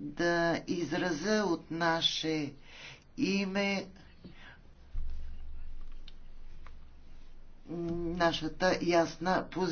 да израза от наше име нашата ясна позиция.